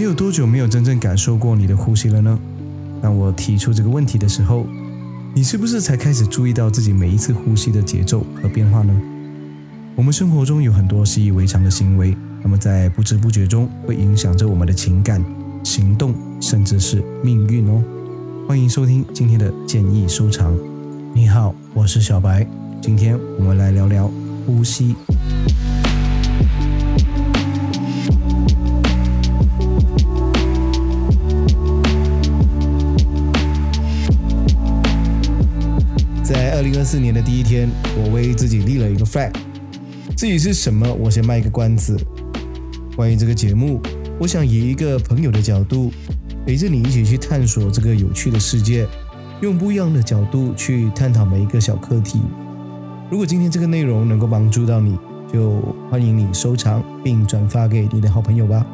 你有多久沒有真正感受過你的呼吸了呢？當我提出這個問題的時候，你是不是才開始注意到自己每一次呼吸的節奏和變化呢？我們生活中有很多習以為常的行為，那麼在不知不覺中會影響着我們的情感、行動，甚至是命運哦。歡迎收聽今天的建議蒐藏。你好，我是小白，今天我們來聊聊呼吸。二零二四年的第一天，我為自己立了一個 flag。至於是什麼？我先賣一個關子。關於這個節目，我想以一個朋友的角度，陪着你一起去探索這個有趣的世界，用不一樣的角度去探討每一個小課題。如果今天這個內容能夠幫助到你，就歡迎你收藏並轉發給你的好朋友吧。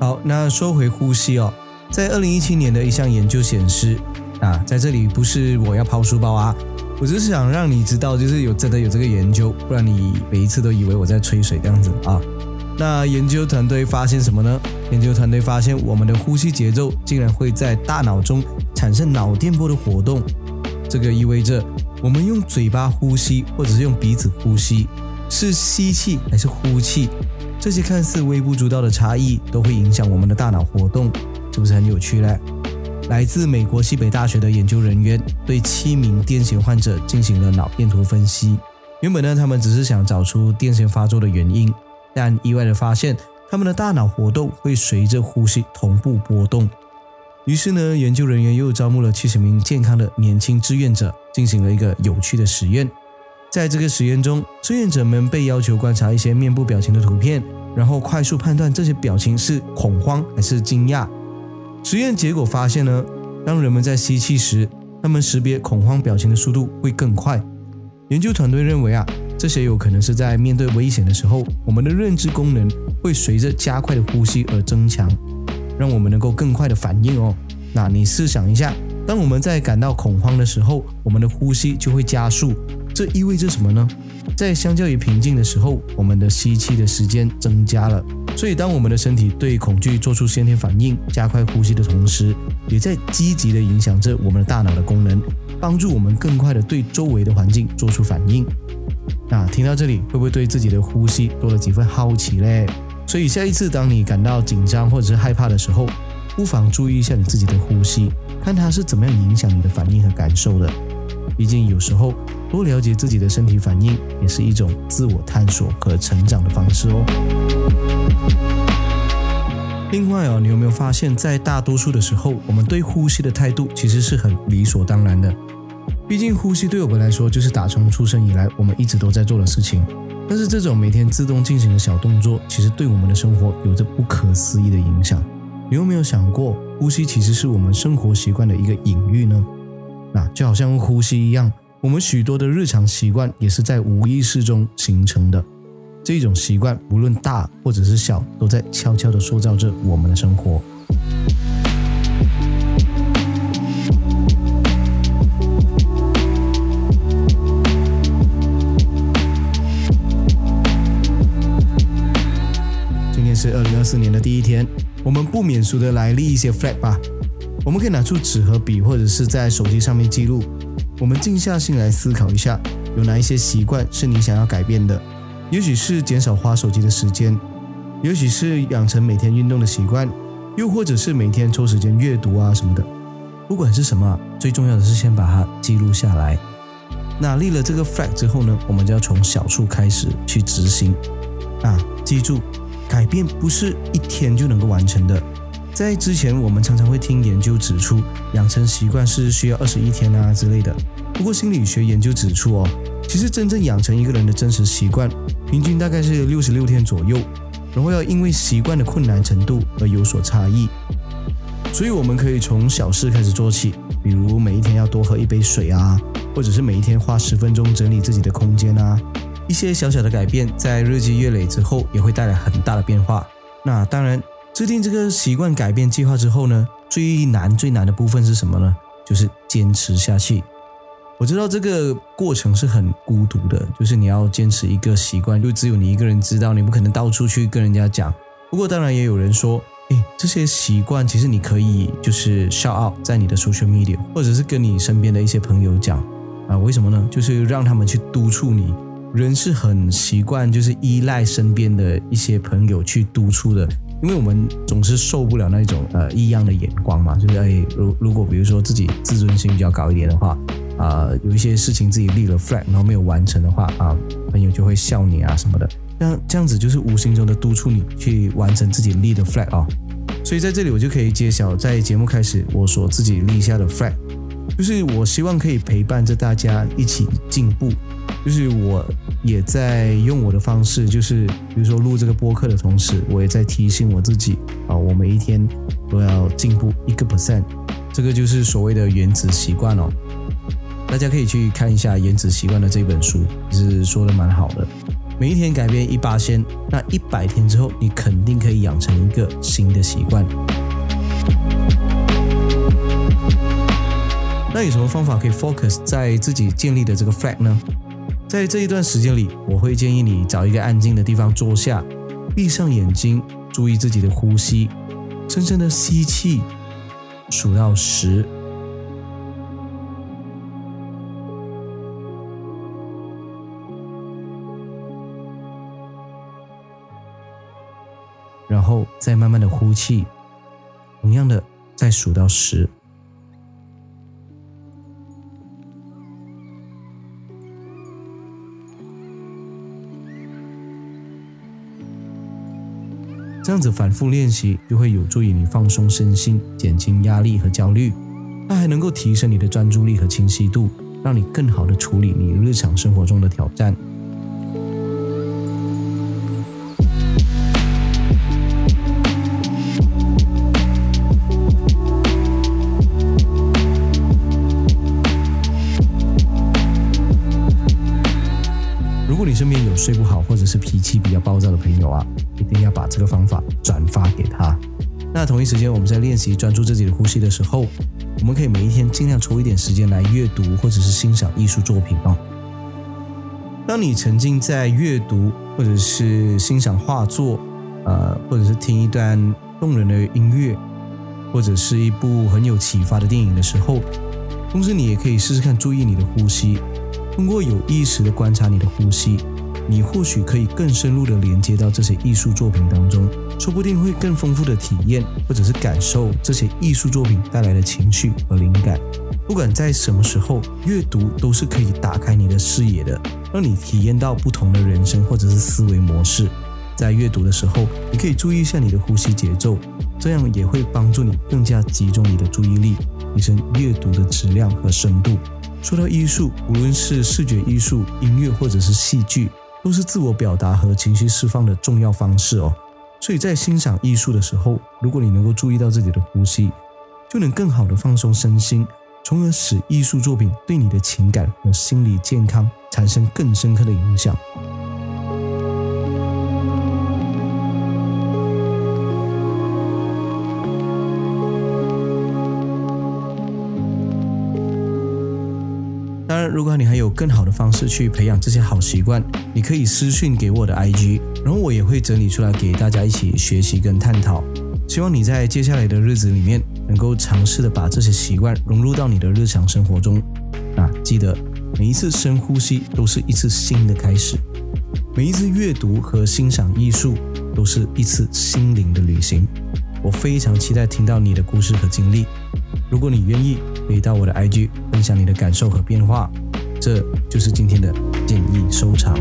好，那說回呼吸哦，在二零一七年的一項研究顯示，啊，在這裡不是我要拋書包啊。我就是想讓你知道，就是有真的有這個研究，不然你每一次都以為我在吹水這樣子啊。那研究團隊發現什麼呢？研究團隊發現，我們的呼吸節奏竟然會在大腦中產生腦電波的活動。這個意味着，我們用嘴巴呼吸或者是用鼻子呼吸，是吸氣還是呼氣，這些看似微不足道的差異，都會影響我們的大腦活動。是不是很有趣嘞？來自美國西北大學的研究人員對七名癲癇患者進行了腦電圖分析。原本呢，他們只是想找出癲癇發作的原因，但意外地發現，他們的大腦活動會隨着呼吸同步波動。於是呢，研究人員又招募了七十名健康的年輕志願者，進行了一個有趣的實驗。在這個實驗中，志願者們被要求觀察一些面部表情的圖片，然後快速判斷這些表情是恐慌還是驚訝。實驗結果發現呢，當人們在吸氣時，他們識別恐慌表情的速度會更快。研究團隊認為啊，這些有可能是在面對危險的時候，我們的認知功能會隨着加快的呼吸而增強，讓我們能夠更快的反應哦。那你試想一下，當我們在感到恐慌的時候，我們的呼吸就會加速，這意味着什麼呢？在相較於平靜的時候，我們的吸氣的時間增加了。所以，當我們的身體對恐懼做出先天反應，加快呼吸的同時，也在積極地影響着我們的大腦的功能，幫助我們更快地對周圍的環境做出反應。那、啊、聽到這裡，會不會對自己的呼吸多了幾分好奇嘞？所以下一次當你感到緊張或者是害怕的時候，不妨注意一下你自己的呼吸，看它是怎麼樣影響你的反應和感受的。畢竟，有時候多了解自己的身體反應，也是一種自我探索和成長的方式哦。另外啊，你有沒有發現，在大多數的時候，我們對呼吸的態度其實是很理所當然的。畢竟呼吸對我們來說，就是打從出生以來，我們一直都在做的事情。但是這種每天自動進行的小動作，其實對我們的生活有着不可思議的影響。你有沒有想過，呼吸其實是我們生活習慣的一個隱喻呢？那就好像呼吸一樣，我們許多的日常習慣也是在無意識中形成的。這種習慣，無論大或者是小，都在悄悄的塑造着我們的生活。今天是二零二四年的第一天，我們不免俗的來立一些 flag 吧。我們可以拿出紙和筆，或者是在手機上面記錄。我們靜下心來思考一下，有哪一些習慣是你想要改變的？也許是減少滑手機的時間，也許是養成每天運動的習慣，又或者是每天抽時間閱讀啊什麼的。不管是什麼，最重要的是先把它記錄下來。那立了這個 flag 之後呢，我們就要從小處開始去執行。啊，記住，改變不是一天就能夠完成的。在之前，我們常常會聽研究指出，養成習慣是需要二十一天啊之類的。不過心理學研究指出哦，其實真正養成一個人的真實習慣。平均大概是六十六天左右，然後要因為習慣的困難程度而有所差異。所以我們可以從小事開始做起，比如每一天要多喝一杯水啊，或者是每一天花十分鐘整理自己的空間啊，一些小小的改變，在日積月累之後也會帶來很大的變化。那當然，制定這個習慣改變計劃之後呢，最難最難的部分是什麼呢？就是堅持下去。我知道這個過程是很孤獨的，就是你要堅持一個習慣，就只有你一個人知道，你不可能到處去跟人家講。不過當然也有人說，哎，這些習慣其實你可以就是 shout out 在你的 social media，或者是跟你身邊的一些朋友講啊。為什麼呢？就是讓他們去督促你。人是很習慣就是依賴身邊的一些朋友去督促的，因為我們總是受不了那種呃異樣的眼光嘛。就是哎，如如果比如說自己自尊心比較高一點的話。啊，有一些事情自己立了 flag，然後沒有完成的話，啊，朋友就會笑你啊什麼的。那這，這樣子就是無形中的督促你去完成自己立的 flag 哦，所以在這裡我就可以揭曉，在節目開始我所自己立下的 flag，就是我希望可以陪伴着大家一起進步。就是我也在用我的方式，就是比如說錄這個播客的同時，我也在提醒我自己啊，我每一天都要進步一個 percent，這個就是所謂的原子習慣哦。大家可以去看一下《顏值習慣》的這本書，是說得蠻好的。每一天改變1%，那一百天之後，你肯定可以養成一個新的習慣。那有什麼方法可以 focus 在自己建立的這個 flag 呢？在這一段時間裡，我會建議你找一個安靜的地方坐下，閉上眼睛，注意自己的呼吸，深深的吸氣，數到十。然後再慢慢的呼氣，同樣的再數到十。這樣子反覆練習，就會有助於你放鬆身心，減輕壓力和焦慮。它還能夠提升你的專注力和清晰度，讓你更好的處理你日常生活中的挑戰。睡不好，或者是脾氣比較暴躁的朋友啊，一定要把這個方法轉發給他。那同一時間，我們在練習專注自己的呼吸的時候，我們可以每一天盡量抽一點時間來閱讀，或者是欣賞藝術作品啊。當你沉浸在閱讀，或者是欣賞畫作，呃，或者是聽一段動人的音樂，或者是一部很有啟發的電影的時候，同時你也可以試試看注意你的呼吸，通過有意識的觀察你的呼吸。你或許可以更深入地連接到這些藝術作品當中，說不定會更豐富的體驗或者是感受這些藝術作品帶來的情緒和靈感。不管在什麼時候閱讀，都是可以打開你的視野的，讓你體驗到不同的人生或者是思維模式。在閱讀的時候，你可以注意一下你的呼吸節奏，這樣也會幫助你更加集中你的注意力，提升閱讀的質量和深度。說到藝術，無論是視覺藝術、音樂或者是戲劇。都是自我表達和情緒釋放的重要方式哦，所以在欣賞藝術的時候，如果你能夠注意到自己的呼吸，就能更好地放鬆身心，從而使藝術作品對你的情感和心理健康產生更深刻的影響。如果你還有更好的方式去培養這些好習慣，你可以私訊給我的 IG，然後我也會整理出來給大家一起學習跟探討。希望你在接下來的日子裡面能夠嘗試的把這些習慣融入到你的日常生活中。啊，記得每一次深呼吸都是一次新的開始，每一次閱讀和欣賞藝術都是一次心靈的旅行。我非常期待聽到你的故事和經歷。如果你願意，回到我的 IG 分享你的感受和變化。這就是今天的建議收藏。